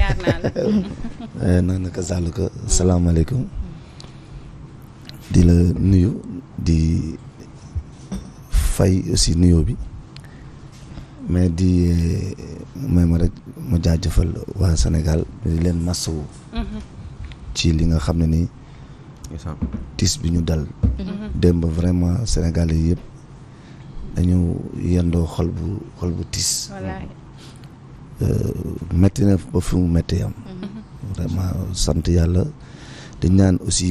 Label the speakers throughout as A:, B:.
A: jaar naa la. Eh, nag naka di la nuyu di fay aussi nuyoo bi mais di eh, may ma rek ma jaajëfal waa Sénégal di leen masawu. Mhm. ci li nga xam ne ni tis bi ñu dal. Mhm. démb vraiment Sénégalais yëpp dañu yendoo xol bu xol bu tis. Euh, metti na ba fu mu méttee am. Mm-hmm. vraiment sant yàlla te ñaan aussi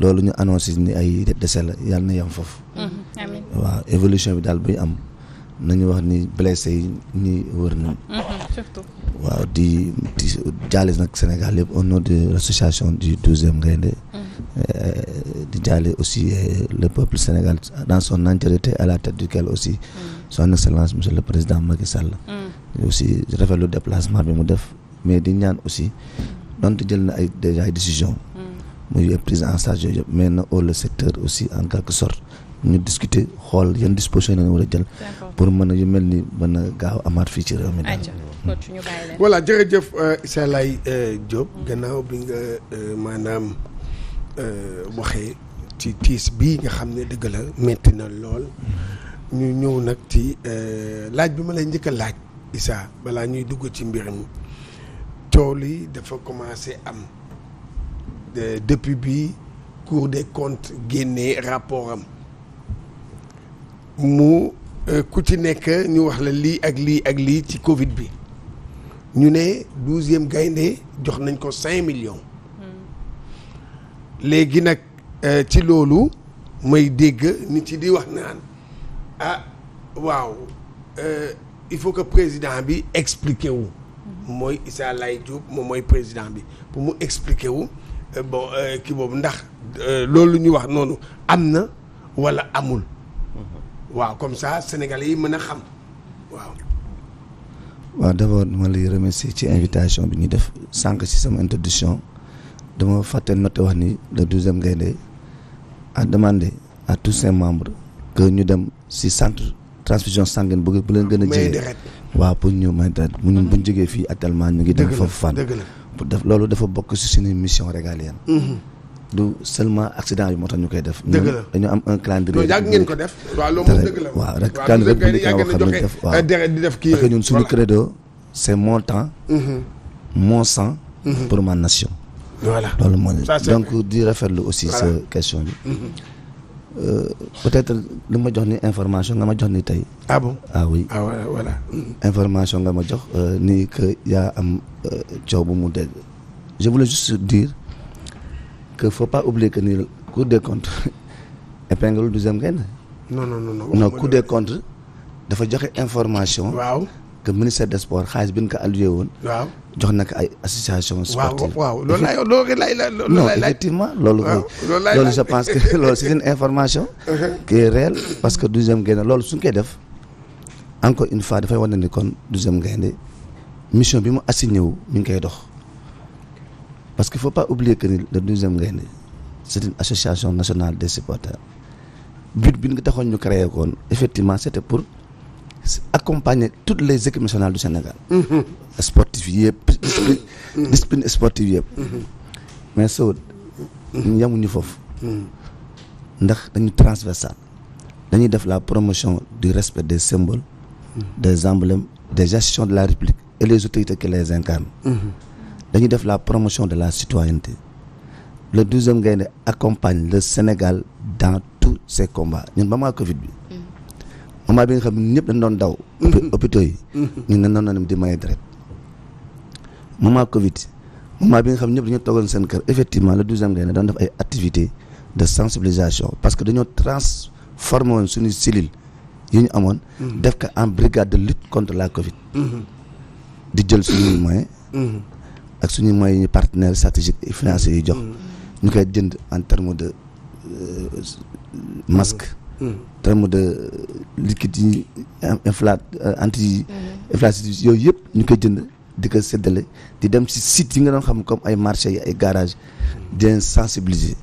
A: loolu ñu annoncé ni ay décès la yàlla na yem foofu. Mm-hmm. amiin évolution bi daal buy am nañu wax ni blessé yi ñi wër nañ. Mm-hmm, di di jaale nag Sénégal yëpp au nom de l'association du euh, di jaale aussi euh, le peuple sénégal dans son entièreté à la tête duquel aussi son excellence monsieur le président Macky Sall. aussi rafetlu déplacement bi mu def mais di ñaan aussi donte jël na ay déjà ay décision mm. muy prise en sage yooyu mais na au le secteur aussi en quelque sorte ñu discuter xool yan disposition yi war a jël. pour mën a yu mel ni mën a gaaw amaat fii ci réew mi
B: daal. voilà jërëjëf euh, Issa Laye euh, Diop. Mm. gannaaw bi nga euh, maanaam waxee ci tiis bii nga xam ne dëgg la métti na lool mm. ñu ñëw nag ci laaj bi ma lay njëkk a laaj. Issa balaa ñuy dugg ci mbir mi coow dafa commencé am de depuis bi Cour de comptes génne rapport mu euh, ku ci nekk ñu wax la lii ak lii ak lii ci Covid bi ñu ne douzième gaynde jox nañ ko cinq millions. Hmm. léegi nag euh, ci loolu may dégg nit ci di wax naan ah waaw. Euh, il faut que président bi expliquer wu. mooy Issa Laye Diop moom mooy président bi pour mu expliquer wu euh, bon euh, kii boobu ndax euh, loolu ñu wax noonu am na walla amul. waaw comme ça sénégal yi mën a xam waaw.
A: waaw nu ma lay remercier ci invitation bi ñu def sànq ci sama introduction dama fàtte noté wax ni le douzième Gaïndé a demandé à tout ses membre que ñu dem si centre. transfusion sanguine bu bu leen gën a jege waaw pour ñu may deret mm-hmm. bu ñu jógee fii actuellement ñu ngi dem foofu fan def loolu dafa bokk si suñu mission régalienne mm-hmm. du seulement accident yi moo tax ñu koy def. credo c' est mm-hmm. mon sang. pour ma nation. donc di rafetlu aussi sa question bi. Euh, peut-être lu ma jox ni information nga ma jox ni tey.
B: ah bon ah ah,
A: information nga ma jox euh, ni que yaa am euh, coow bu mu dégg. je voulais juste dire que faut pas oublier que ni Cour des comptes douzième gaynde. non non non non. non dafa joxe information. que ministère des sports xaalis bi ñu ko alloué woon. jox na ko ay association sportive loolu laay loolu que loolu c'est une information. Uh-huh. qui est parce que douzième gaynde loolu suñ koy def encore une fois dafay wane ni kon douzième gaynde mission bi mu assigné wu mi ngi koy dox parce que il faut pas oublier que ni le douzième gaynde c'est une association nationale des supporters but bi ñu taxoon ñu créé effectivement c'était pour. accompagner toutes les équipes nationales du Sénégal. Mm-hmm. sportif yëpp. discipline mm-hmm. sportive yëpp. Mm-hmm. mais soo ñu yamuñu foofu. ndax dañu transversal. dañuy def la promotion du respect des symboles. des emblèmes des gestions de la République et les autorités qui les incarnent. dañuy def la promotion de la citoyenneté. le douzième Gaïndé accompagne le Sénégal dans tous ses combats ñun ba maa Covid moment bi nga xam ne ñëpp dañ doon daw. Mm-hmm. hôpitaux yi. Mm-hmm. ñun dañ doon dem di maye deret. moment Covid moment bi nga xam ne ñëpp dañoo toogoon seen kër effectivement le douzième Gaïndé daan def ay activités de sensibilisation parce que dañoo transformé woon suñu cellule yi ñu amoon. Mm-hmm. def ko en brigade de lutte contre la Covid. di jël suñuy moyens. ak suñu moyens yi partenaires stratégiques et financiers yi jox. ñu koy jënd en terme de euh, masque. terme de liquide yi infla euh, anti mhm. inflation yooyu yëpp ñu koy jënd di ko séddale di dem si sites yi nga doon xam comme ay marché yi ay garage di sensibiliser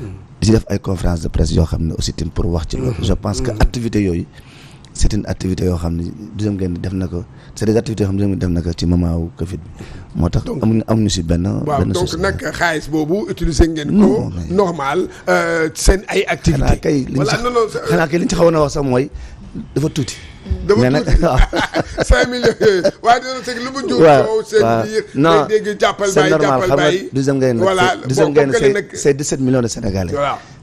A: mhm. di def ay conférence de presse yoo xam ne aussi tamit pour wax ci loolu mhm. je pense que activité yooyu c' est une activité yoo xam ne deuxième gaynde def na ko c' est yoo xam ne deuxième def na ko ci moment wu Covid moo tax. donc amuñu amuñu si benn. benn donc nag
B: xaalis boobu utiliser ngeen ko. normal euh, seen ay activités. xanaa kay li li ci xawoon a wax mooy dafa tuuti.
A: dafa tuuti mais nag waaw.
B: 5 millions yooyu waaye dina teg lu mu jur. waaw waaw seen biir. non xam nga deuxième gaynde. voilà boo xam nga
A: de sénégalais.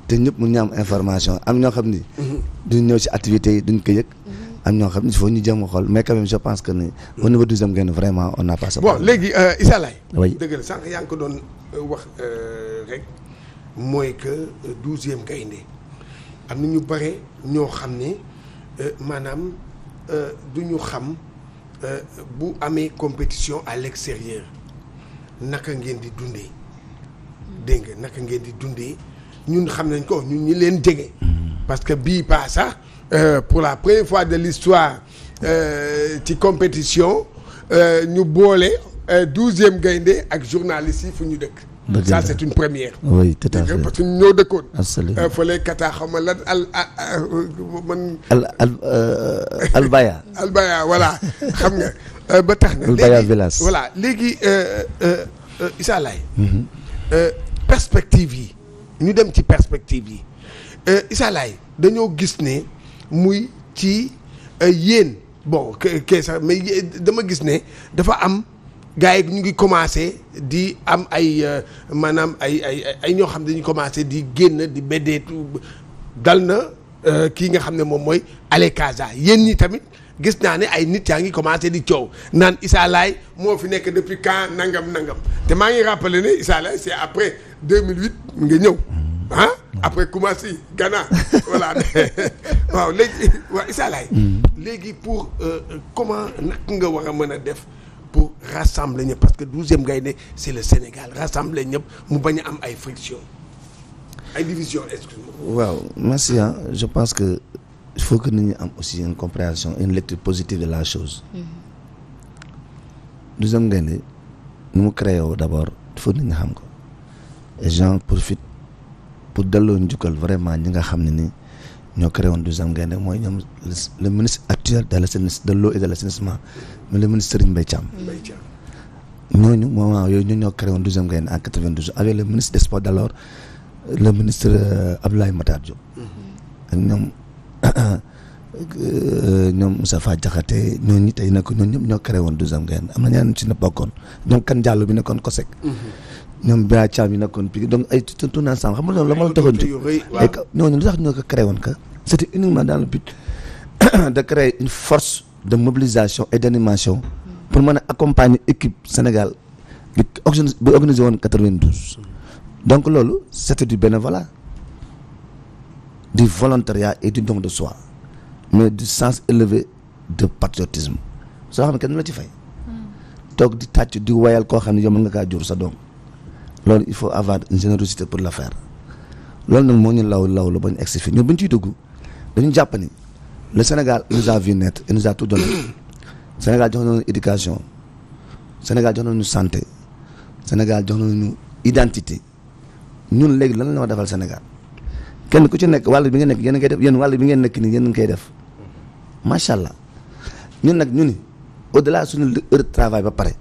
A: te ñëpp mu ñu am information am ñoo xam ni. Mhm. duñ ñëw si activité yi duñ ko yëg. am ñoo xam il faut ñu jéem a xool mais quand même je pense que ni au niveau du deuxième gain vraiment on n'a pas ça. bon léegi euh, Issa Laye. oui
B: dëgg la sànq yaa ngi ko doon euh, wax euh, rek mooy que douzième gaynde am na ñu bare ñoo xam ne maanaam du ñu xam bu amee compétition à l'extérieur naka ngeen di dundee dégg nga naka ngeen di dundee ñun xam nañ ko ñun ñi leen jege. parce que bii pas sax euh, pour la première fois de l'histoire euh, ci compétition euh, ñu boole douzième gaynde ak journaliste yi fu ñu dëkk. ça c'est une première. oui tout à fait parce que ñoo dëkkoon. absolument fële xaw ma la al man. al
A: al albaya.
B: albaya voilà xam nga ba tax na. albaya village voilà léegi Issa Laye. Mhm. perspective yi ñu dem ci perspective yi Euh, Issa dañoo gis ne muy ci euh, yéen bon kee sax mais euh, dama gis ne dafa am gars yi ñu ngi commencé di am ay maanaam ay ay ay ñoo xam dañuy commencé di génn di beddeetu dal na kii nga xam ne moom mooy Ale Kaza yéen ñi tamit gis naa ne ay nit yaa ngi commencé di coow naan Issa moo fi nekk depuis quand nangam nangam te maa ngi rappelé ne Issa Laye c'est après 2008 nga ñëw. ah après Koumassi Ghana voilà waaw léegi waa Issa Laye hmm. léegi pour euh, comment nak nga war a mën a def pour rassembler ñëpp parce que douzième gaynde c'est le Sénégal rassembler ñëpp mu bañ a am ay friction ay division excuse-moi
A: waaw merci je pense que il faut que nit ñi am aussi une compréhension une lecture positive de la chose hmm. douzième Gaïndé ni mu créé woo d'abord il faut nit ñi xam ko et j'en pour delloo njukkal vraiment ñi nga xam ne ni ñoo créé woon douzième Gaïndé mooy ñoom le ministre actuel de l'assainissement de l'eau et de l'assainissement mais le ministre Serigne Mbaye Thiam ñooñu moment yooyu ñoo créé woon douzième Gaïndé en quatre-vingt-douze avec le ministre des sports d'alors le ministre euh, Abdoulaye Matar Diop mm-hmm. ak ñoom euh, ñoom Moustapha Diakhaté ñooñu tey nag ñooñu ñëpp ñoo créé woon douzième Gaïndé am na ñaan ci na bokkoon ñoom kan jàll bi nekkoon COSEC mm-hmm. ñoom Bira Thiam yi nekkoon Pikine donc ay tout tout ensemble xam nga loolu la ma la taxoon ñoo ko créé woon que c' était uniquement dans le but une force de mobilisation et pour mën a accompagner équipe Sénégal bi organi bi organisé woon 92 donc loolu c' du bénévolat du volontariat et du don de soi mais di sens élevé de patriotisme soo xam ne kenn la ci fay hmm. toog di tàcc di wayal koo xam ne yow mën nga kaa jur sa doom loolu il faut avoir une générosité pour la faire loolu nag moo ñu law law la ba ñu egsi fii ñun bu ñu ciy dugg dañu jàpp ni le Sénégal nous a vu naître et nous a tout donné Sénégal jox nu éducation Sénégal jox nañu santé Sénégal jox nañu identité ñun léegi lan la ma defal Sénégal kenn ku ci nekk wàll bi ngeen nekk yéen a koy def yéen wàll bi ngeen nekk nii yéen a ngi def macha allah ñun nag ñu ni au delà suñu heure de travail ba pare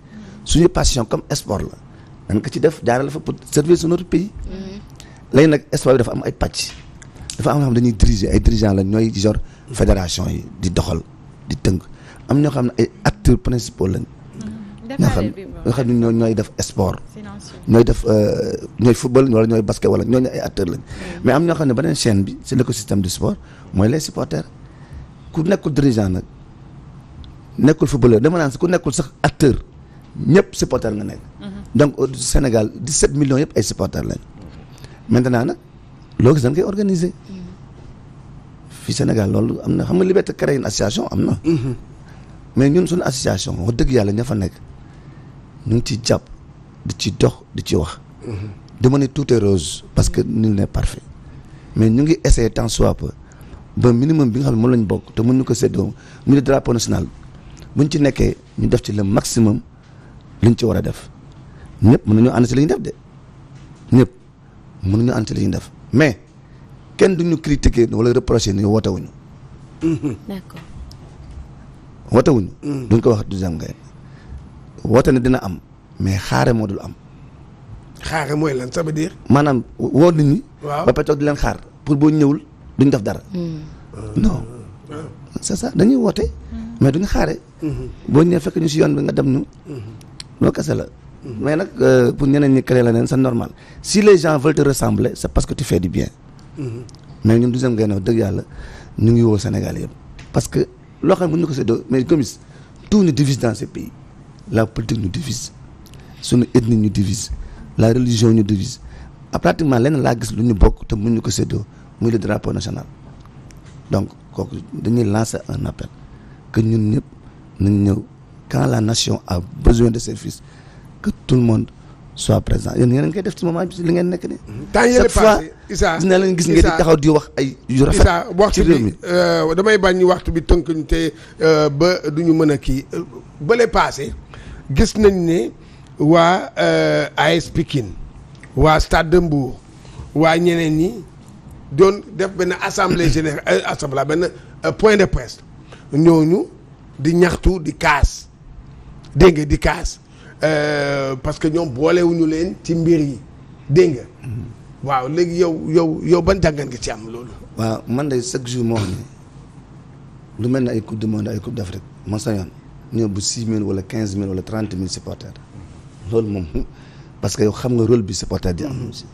A: suñu passion comme sport la. nan ko ci def jaarale fa pour servir sur notre pays. léegi nag espoir bi am ay pàcc. dafa am xam dañuy diriger ay dirigeants la ñooy yor fédération yi di doxal di tënk am ñoo xam ne ay acteurs principaux lañ. Mm-hmm. ñoo xam xam ne ñooy def sport. ñooy def euh, ñooy football wala ñooy basket wala ñooñu ay acteurs lañ. Mm-hmm. mais am ñoo xam ne beneen chaîne bi c'est l'écosystème du sport mooy les supporters ku nekkul dirigeant nag nekkul footballeur dama naan ku nekkul sax acteur ñëpp supporter nga nekk. Mm-hmm. donc Sénégal 17 millions yëpp ay supporters lañ maintenant nag loo gis dañ fii Sénégal loolu am na xam nga liberté créer une association am na. Mhm. mais ñun suñu association wax dëgg yàlla ña fa nekk ñu ngi ciy jàpp di ci dox di ci wax. Mhm. dama ne tout est rose parce que nul n'est parfait mais ñu ngi essayer tant soit peu ba minimum bi nga xam ne moom lañ bokk te mën ñu ko séddoo ñu di drapeau bu buñ ci nekkee ñu def ci le maximum nu ci war a def. ñëpp mën nañoo ànd si li ñu def de ñëpp mën nañoo ànd si li ñu def mais kenn duñu critiquer wala reprocher ni woote wuñu. d'accord. Mm. duñ ko wax deuxième Gaïndé woote ne dina am mais xaare moo dul am.
B: xaare mooy lan ça veut
A: woo nit waaw ba pour boo ñëwul duñ def dara. Mm. non mm. sa sa dañuy woote. mais duñ xaare. Mm-hmm. boo ñëwee fekk ñu si yoon bi nga dem ñu. Mm-hmm. loolu kese la. Mm-hmm. mais nag euh, pour ñeneen ñi créer la neen sa normal si les gens veulent te ressembler c'est parce que tu fais du bien. Mm-hmm. mais ñun deuxième Gaindé wax dëgg yàlla ñu ngi woo Sénégal yëpp. parce que loo xam ne bu ñu ko séddoo mais Gomis tout nous divise dans ce pays la politique nous divise suñu ethnie ñu divise la religion ñu divise à ah, pratiquement lenn laa gis lu ñu bokk te mun ñu ko séddoo muy le drapeau national donc kooku dañuy lancer un appel que ñun ñëpp nañ ñëw quand la nation a besoin de service que tout le monde soit présent yéen ngeen
B: koy def ci moment bi li ngeen nekk nii. Mmh. temps yële passé Issa dina leen gis ngeen di taxaw di wax ay. yu rafet ci réew mi waxtu bi euh, damay bañ waxtu bi tënk ñu te euh, ba du ñu mën a kii euh, bële passé gis nañ ne waa AS Pikine waa Stade de Mbour waa ñeneen ñi doon def benn assemblée générale assemblée benn point de presse ñooñu di ñaxtu di kaas dégg di kaas. Euh, parce que ñoom boolewuñu leen ci mbir yi dégg nga. waaw léegi yow yow yow ban jàngat nga ci am loolu.
A: waaw man de chaque jour moo wax ne lu mel ne ay coupe du monde ay coupe d' afrique ma sañoon ñëw bu six mille wala quinze mille wala trente mille supporters loolu moom parce que yow xam nga role bi supporter di am mm-hmm. aussi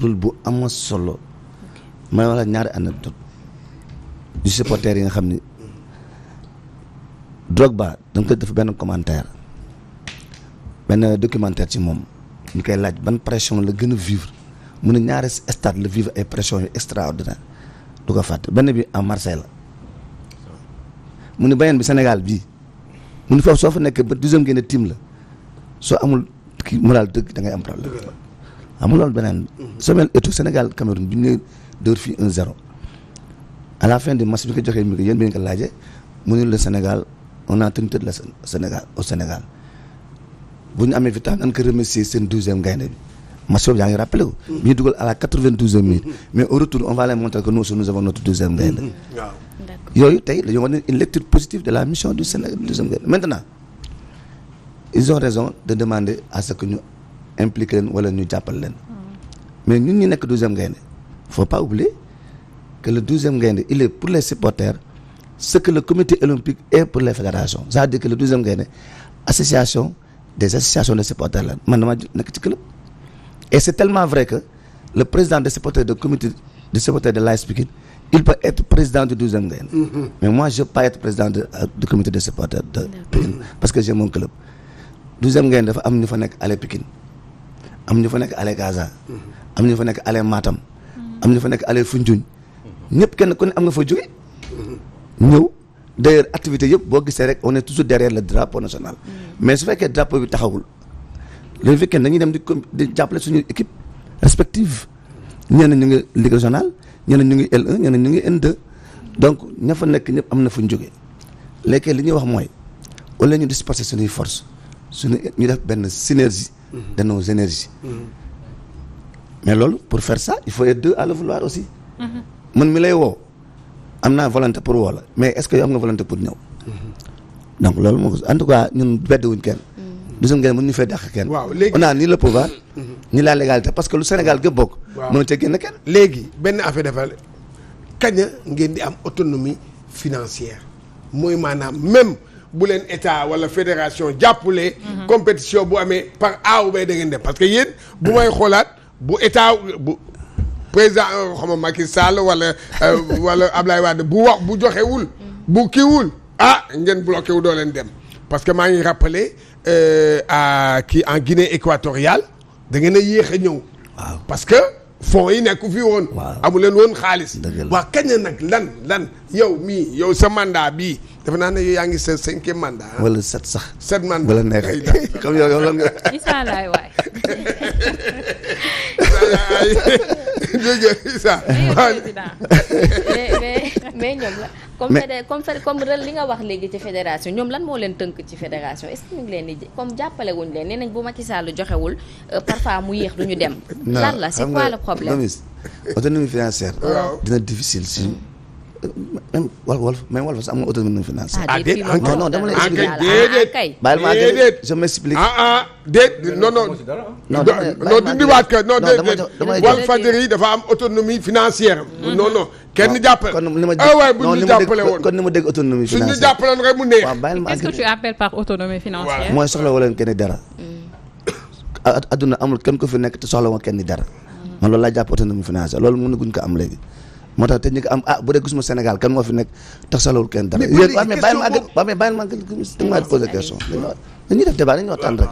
A: rôle bu ama solo may wala ñaari anecdote yu supporters yi nga xam ni. Drogba dama ko def benn commentaire benn documentaire si moom ñu koy laaj ban pression la gën a vivre mu ne ñaari stade la vivre ay pression yu extraordinaire du ko fàtte benn bi en Marseille la mu ne beneen bi senegal bii mu ne foofu soo fa nekk ba deuxième génne team la soo amul kii moral dëkk da ngay am problème amul loolu beneen mhm. Samuel Eto'o Sénégal Cameroun bi ñu dóor fii 1-0 a la fin du match bi ko joxee mi ko yéen bi ñu ko laajee mu ne le Sénégal on a tenu la Sénégal au Sénégal bu ñu amee victoire nañ ko remercier seen douzième gaynde bi match boobu yaa ngi rappelé wu. bi mm-hmm. ñu dugal à la quatre-vingt-douzième minute. Mm-hmm. mais au retour on va les montrer que nous aussi nous avons notre gaynde. Mm-hmm. yooyu tey dañoo wane une lecture positive de la mission du Sénégal douzième gaynde maintenant ils ont raison de demander à ce que ñu wala ñu jàppal mais ñun ñi nekk douzième gaynde faut pas oublier que le douzième gaynde il est les supporters. ce que le comité olympique est pour les fédérations c'est-à-dire le deuxième gaynde association des associations de supporters la man dama ci club et c'est tellement vrai que le président des supporters de comité de il peut être président du deuxième gaynde mm-hmm. mais moi je pas être président de, euh, de comité parce que j'ai mon club deuxième gaynde dafa am ñu fa ale Pikine am ñu fa ale Gaza mm-hmm. am ñu fa ale Matam mm-hmm. am ñu fa ale Foundiougne ñëpp kenn ñëw d'ailleurs activité yëpp boo gisee rek on est toujours derrière le drapeau national. Mm. mais su fekkee drapeau bi taxawul le week-end dañuy dem di com di jàppale suñu équipe respective ñenn ñu ngi ligue régionale ñenn ñu ngi L1 ñu ngi n donc ña fa nekk ñëpp am na fu ñu jógee li ñuy wax mooy wala ñu disperser suñuy force suñu ñu def benn synergie. Mm. de nos énergies. Mm. mais loolu pour faire ça il faut être deux à le vouloir aussi. Mm-hmm. man mi lay woo. am naa volonté pour woo mais est-ce que am nga volonté pour ñëw. donc loolu moo ko en tout cas ñun beddi wuñ kenn. Mm.
B: gisul ngeen mën ñu fee dàq kenn. waaw léegi on a ni le pouvoir. Mm-hmm. Mm-hmm. ni la que lu Sénégal gëpp bokk. waaw mënut a génn kenn. léegi benn affaire dafa kaña ngeen di am autonomie financière mooy maanaam même bu leen état wala fédération jàppale. Mm-hmm. compétition bu amee par A ou B da ngeen dem parce que yéen. bu may xoolaat bu état bu. président euh, xam nga Macky Sall wala euh, wala Ablaye Wade bu wax bu joxewul bu kiiwul ah ngeen bloqué wu doo leen dem parce que maa ngi rappelé euh, à kii en Guinée équatoriale da ngeen yéex a ñëw. parce que fonds yi nekku fi woon. amu leen woon xaalis. waa kañ nag lan lan yow mii yow sa mandat bii. dafa naa ne yaa ngi sa cinquième mandat.
A: Ah. wala sept sax. sept mandat wala neexee
B: comme yow yow lan nga. incha allah dégg mais mais ñoom la. comme comme comme li nga wax léegi ci fédération ñoom lan moo leen tënk ci fédération est-ce que ñu ngi leen di comme jàppale wuñ leen nee nañ bu Macky Sall joxewul euh, parfois mu yéex du ñu dem. lan la c'est quoi le problème
A: autonomie financière. dina difficile si. même Walf mais Walf sax am ah, ah, nga autonomie non financée. ah déedéet non non dama lay ah, expliqué. déedéet déedéet je m'explique.
B: ah ah déedéet non non. non non dindiwaat que non déedéet Walfadjri dafa am autonomie financière. Mm-hmm. kenn jàppale. ni ma dégg ah bu ñu jàppale
A: ma dégg autonomie financière. suñu
B: jàppale woon rek mu neex. waaw bàyyi mooy
A: soxla wala kenn dara. Mm. adduna amul kenn ko fi nekk ti soxla woon kenn dara. Mm. man loolu laa jàpp autonomie financière loolu mënaguñ ko am léegi moo tax te ñu am ah bu dee gisuma Sénégal kan moo fi nekk tax salawul kenn dara. mais bàyyi mais bàyyi ma àgg waaw mais bàyyi ma àgg da nga ma posé question. dañuy def débat dañuy waxtaan rek.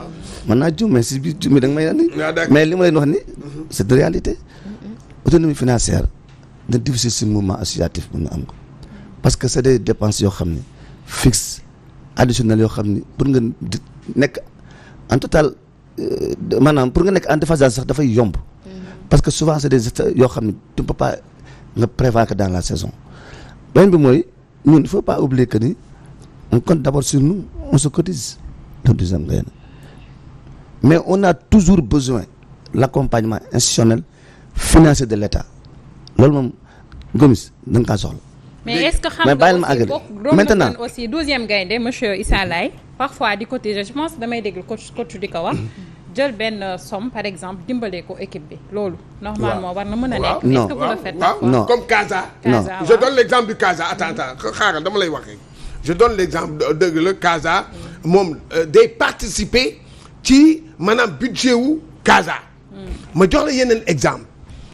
A: mën naa juum mais si biir juum bi da nga may andi. Ah, mais li ma leen wax ni mm-hmm. c'est de réalité. autonomie financière da difficile si mouvement associatif bu ñu am ko parce que c'est des dépenses yoo xam ne fixe additionnelles yoo xam ne pour nga nekk en total euh, maanaam pour nga nekk en déphasage sax dafay yomb. Mm-hmm. parce que souvent c'est des yoo xam ne tu ne peux pas. nga prévoir que dans la saison beneen bi mooy ñun il faut pas oublier que ni on compte d'abord sur nous on se cotise deuxième nga mais on a toujours besoin l'accompagnement institutionnel financier de l'État loolu moom Gomis da nga kaa soxla.
B: mais est-ce que xam nga aussi bokk maintenant aussi douzième gaynde monsieur Issa parfois di cotiser je pense damay dégg coach coach di ko wax. jël benn somme par exemple dimbalee ko équipe bi loolu. normalement war na mën a nekk. non non comme Casa. je donne l' exemple du Casa attends attends dama lay wax rek. je donne l' exemple dëgg la Casa mm. moom euh, day participer ci maanaam budget wu Casa. Mm. ma jox la yeneen exemple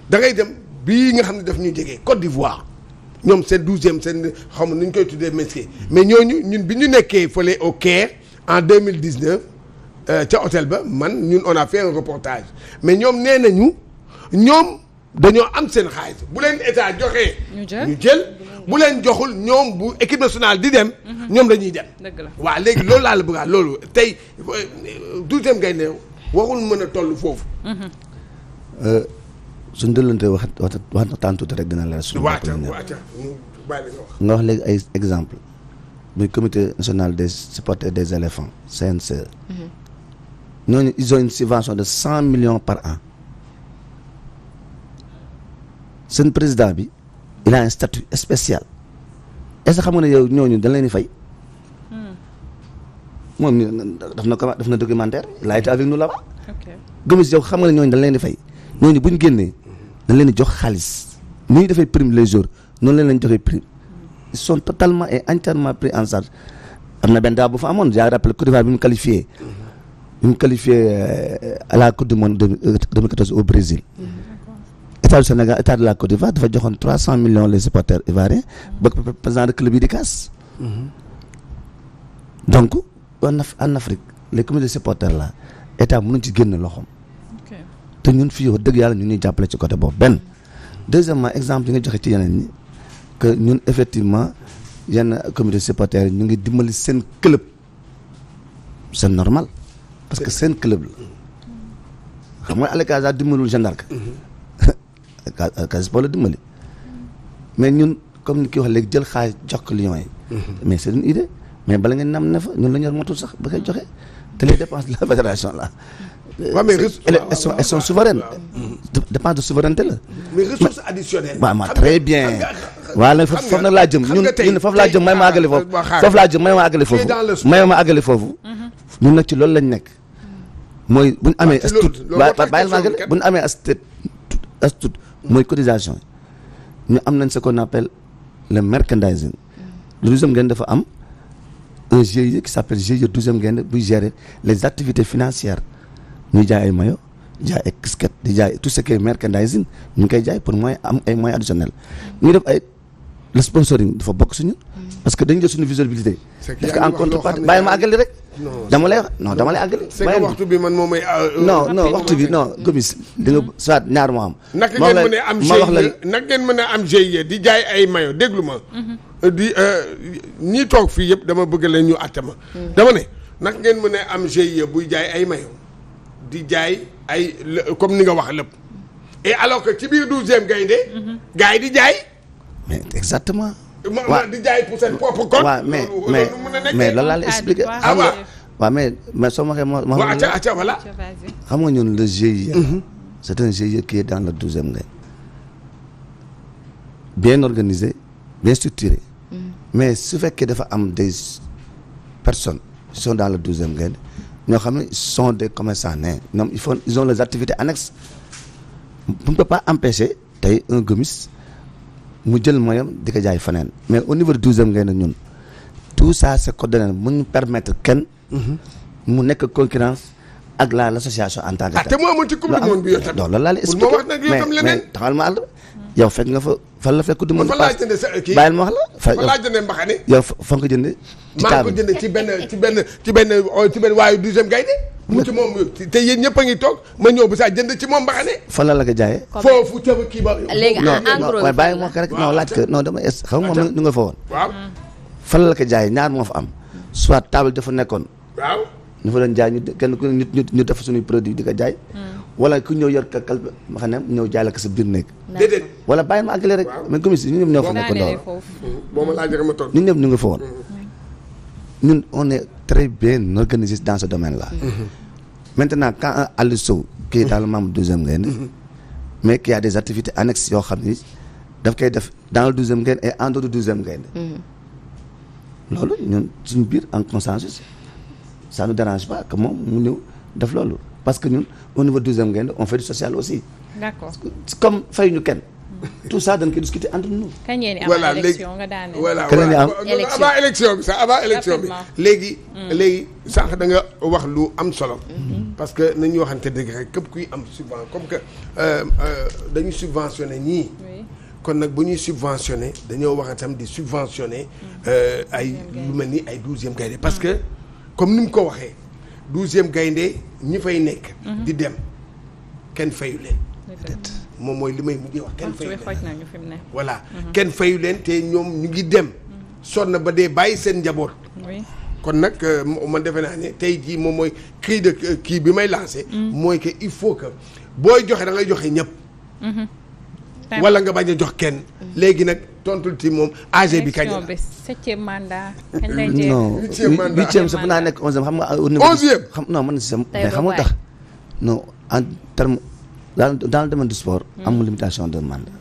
B: da ngay dem bii nga xam ne daf ñuy jege Côte d'Ivoire. ñoom seen douzième seen xaw ma nu ñu koy tuddee métier mais ñooñu ñun bi ñu nekkee fële au Caire en deux mille dix-neuf Euh, ca hôtel ba man ñun on a fait reportage mais ñoom nee nañu ñoom dañoo am seen xaalis bu leen état joxee. ñu jël bu leen joxul ñoom bu équipe nationale di dem. Mhm. ñoom dañuy dem. dëgg la waaw léegi loolu laa la bëgg loolu tey douzième gaynde waxul mën a toll foofu. Mhm.
A: Euh, suñ dëllante te wax waxtaan tuuti rek dina leer suñu bopp nga
B: wax
A: nga léegi ay exemple muy comité national des supporters des éléphants CNCE mhm. ñooñu ils ont de cent millions par an seen président bi a un statut spécial est xam nga ne yow ñooñu dañ leen di fay. Hmm. moom daf daf na documentaire il a été avec nous là-bas. ok Gomis yow xam nga ne ñooñu dañ leen di fay ñooñu bu ñu génnee dañ leen di jox xaalis ni ñu defee prime les jours noonu leen lañ joxee prime. ils sont totalement et entièrement pris en charge am na benn daaw bu fa amoon yaa rappelé Côte d'Ivoire bi mu qualifié. ñu ngi qualifié euh, à la coupe du monde 2014 au Brésil. état du Sénégal état de la Côte fa dafa joxoon 300 millions les supporters ivoiriens ba président de club yi di kaas. Mm-hmm. donc en Af en Afrique les communautés de supporters là état mënuñ ci génn loxoom. te ñun fii wax dëgg yàlla ñu ngi jàppale ci côté boobu benn. deuxièmement exemple yi nga joxe ci yeneen ñi que ñun effectivement yenn communauté supporters yi ñu ngi dimbali seen club c'est normal. parce que seen club la xam nga Aleka daa dimbalul Jeanne d'Arc. Aleka Sport la dimbali. mais ñun comme ni ki wax léegi jël xaalis jox ko Lions yi. mais c'est une idée ngeen nam ne fa ñun la ñu war matul sax ba koy joxe te les la fédération la. waaw euh, mais elles sont elles sont souveraines. Mm-hmm. dépend de souveraineté la.
B: mais ressources additionnelles. waaw
A: ma très bien. waaw nag foofu laa jëm ñun ñun foofu laa jëm may ma àggale foofu foofu laa jëm may ma àggale foofu may ma àggale foofu. ci loolu lañ nekk. mooy bu amee as tuut waaw ma àggale bu ñu amee as tuut mooy cotisation ñu am nañ ce qu'on le merchandising. Mm-hmm. le deuxième ngeen dafa am un GIE qui s'appelle GIE douzième ngeen buy gérer les activités financières. ñuy jaay ay mayo jaay ay casquette di jaay tout ce qui est merchandising ngi koy jaay pour moyen am ay moyens additionnels ñu def ay le sponsoring bokk suñu parce que dañu jël suñu visibilité. parce en contrepartie bàyyi ma àggali rek. dama lay wax dama lay àggali. bàyyi waxtu
B: bi man moom mooy. Euh, euh, non non waxtu bi non
A: gomis di ñaar moo am. naka ngeen mën a am GIE
B: ngeen mën a am GIE di jaay ay mayo déglu ma. Mhm. di euh, ñii toog fii yëpp dama bëgg leen ñu àtte ma. Mhm. dama ne naka ngeen mën am GIE buy jaay ay mayo di jaay ay comme ni nga wax lépp et alors que ci biir douzième gaynde gars yi di jaay
A: mais exactement
B: waaw di jaay pour seen propre compte waaw mais mais mais loolu laa la expliqué ah waaw
A: waaw mais mais soo ma waxee ma ma acca acca voilà xam nga ñun le GIE mhm. c'est un GIE qui est dans le douzième gaynde bien organisé bien structuré mhm. mais su fekkee dafa am des personnes qui sont dans le douzième gaynde ñoo xam ne sont des commerçants ne ñoom ils font ils ont les activités annexes on ne peut pas tey un gomis mu jël moyam di jaay feneen mais au niveau du douzième ngay na ñun tout ça c'est coordonné mu permettre kenn mu nekk concurrence ak la l'association en tant que telle. ah te mu amoon ma àll yow fekk nga fa. fan la fekk du a. paas bàyyil ma wax la. fan laa jëndee mbaxane. yow fan ko jëndee. ci maa ko
B: jëndee ci benn ci benn ci benn ci benn waayu deuxième gaynde mu ci moom a ngi toog ma ñëw ba saa jënd ci moom mbaxane.
A: fan la la ko jaayee.
B: foofu ca kii ba. léegi en gros waaye bàyyi
A: ma wax rek non laaj ko non dama est xam nga moom ñu nga fa woon. waaw fan moo fa am. soit table dafa nekkoon. waaw ñu fa jaay kenn ku ñu ñu def suñuy produit di ko jaay hmm. wala ku ñëw yor kàkkal ma xam ne ñëw jaay la ko sa biir néeg. déedéet wala ma àggale rek. waaw mais commissaire ñun ñëpp ñoo fa nekkoon. Hmm.
B: boo ma laajee ma toog
A: hmm. bien organisé dans domaine là. Hmm. maintenant quand un Aliou Sow. qui est dans le membre gaynde. mais qui a des activités annexes yoo xam ni daf koy def dans le gaynde loolu ñun suñu biir en consensus ça nous dérange pas moom mu ñëw def loolu. parce que ñun au niveau deuxième gaynde on fait du aussi. d'accord comme
B: fay ñu kenn. Hmm. tout ça dañ koy discuter entre nous. kañ ngeen am élection voilà léegi voilà avant élection bi sax avant élection bi. léegi. Hmm. léegi sànq da nga wax lu am solo. Hmm. parce que nañu waxante dëgg képp kuy am subvention comme que euh, euh, dañu subventionné ñii. kon nag bu ñuy subventionné dañoo wax itam di subventionné euh, ay lu mel ni ay douzième gaynde parce que comme ni mu ko waxee. douzième gaynde ñi fay nekk. Mhm. di dem kenn fayu moom mooy li may mujjee wax kenn ah, fayu leen voilà mhm. kenn fayu leen te ñoom ñu ngi dem. Mhm. sonn ba dee bàyyi seen njaboot. kon nag euh, man defe naa ne tey jii moom mooy cri de euh, kii bi may lancé. mooy que il faut que booy joxe da joxe ñëpp. wala nga bañ a jox kenn. Mm. léegi nag tontul ti moom age bi kañ la. septième mandat. kañ lay jeex naa nekk onzième xam nga au niveau. onzième xam non man si
A: mais xam nga tax non en terme dans dans mm. amul limitation de mandat.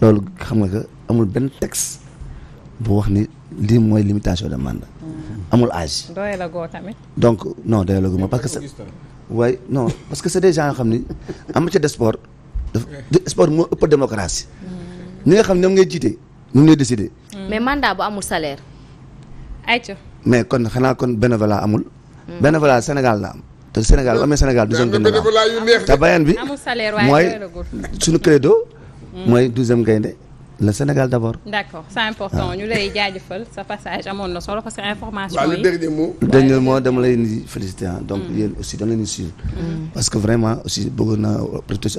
A: loolu xam nga que amul benn texte bu wax ni lii mooy limitation de mandat. Mm. amul âge. doyelagoo tamit. donc non doyelagoo ma parce que. waaye non parce que c'est des gens yoo xam ni am na de sport. sport moo ëpp démocratie. ni nga xam ne ñoom ngay jiite ñun ñooy décider.
B: mais mandat bu amul salaire.
A: mais kon xanaa kon bénévolat amul. bénévolat Sénégal la am. te Sénégal amee Sénégal du zone gaynde bi mooy suñu credo mooy douzième gaynde le Sénégal d'abord.
B: d'accord c'est important ah. ñu lay jaajëfal sa passage amoon na solo parce que information yi. le dernier
A: mot. donc mm. yéen aussi dama suivre. Mm. parce que vraiment aussi bëggoon naa